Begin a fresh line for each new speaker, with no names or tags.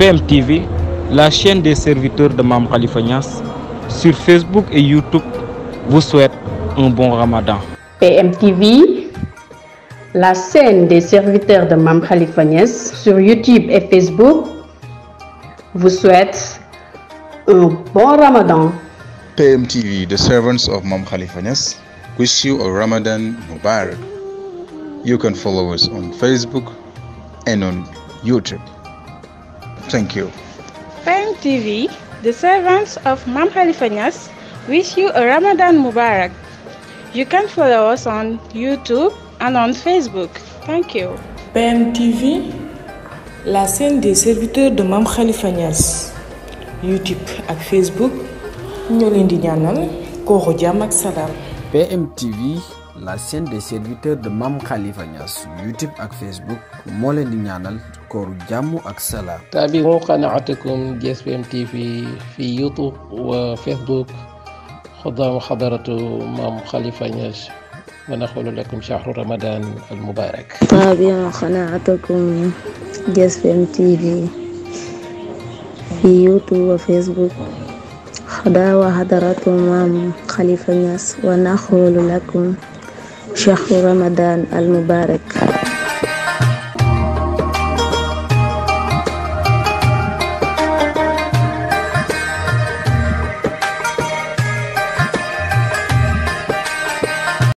PMTV, la chaîne des serviteurs de Mam Khalifa sur Facebook et YouTube, vous souhaite un bon ramadan.
PMTV,
la chaîne des serviteurs de Mam Khalifa sur YouTube et Facebook, vous souhaite un bon ramadan.
PMTV, the servants of Mam Khalifa wish you a Ramadan Mubarak. You can follow us on Facebook and on YouTube. Thank you.
ben TV, the servants of Mam Khalifanias wish you a Ramadan Mubarak. You can follow us on YouTube and on Facebook. Thank you.
ben TV, la scène des serviteurs de Mam Khalifanias. YouTube et Facebook, nous di ñaanal
PMTV la chaîne des serviteurs de Mam Khalifa Nias YouTube ak Facebook moo leen di ñaanal kooru jàmm ak salaam
tabi'u qanaatakum GSPM PMTV fi YouTube wa Facebook خضام حضرة مام خليفة نياس ونقول لكم شهر رمضان المبارك
تابعوا قناعتكم جسم تي في في يوتيوب وفيسبوك غدا وحضرتكم خليفة الناس ونقول لكم شهر رمضان
المبارك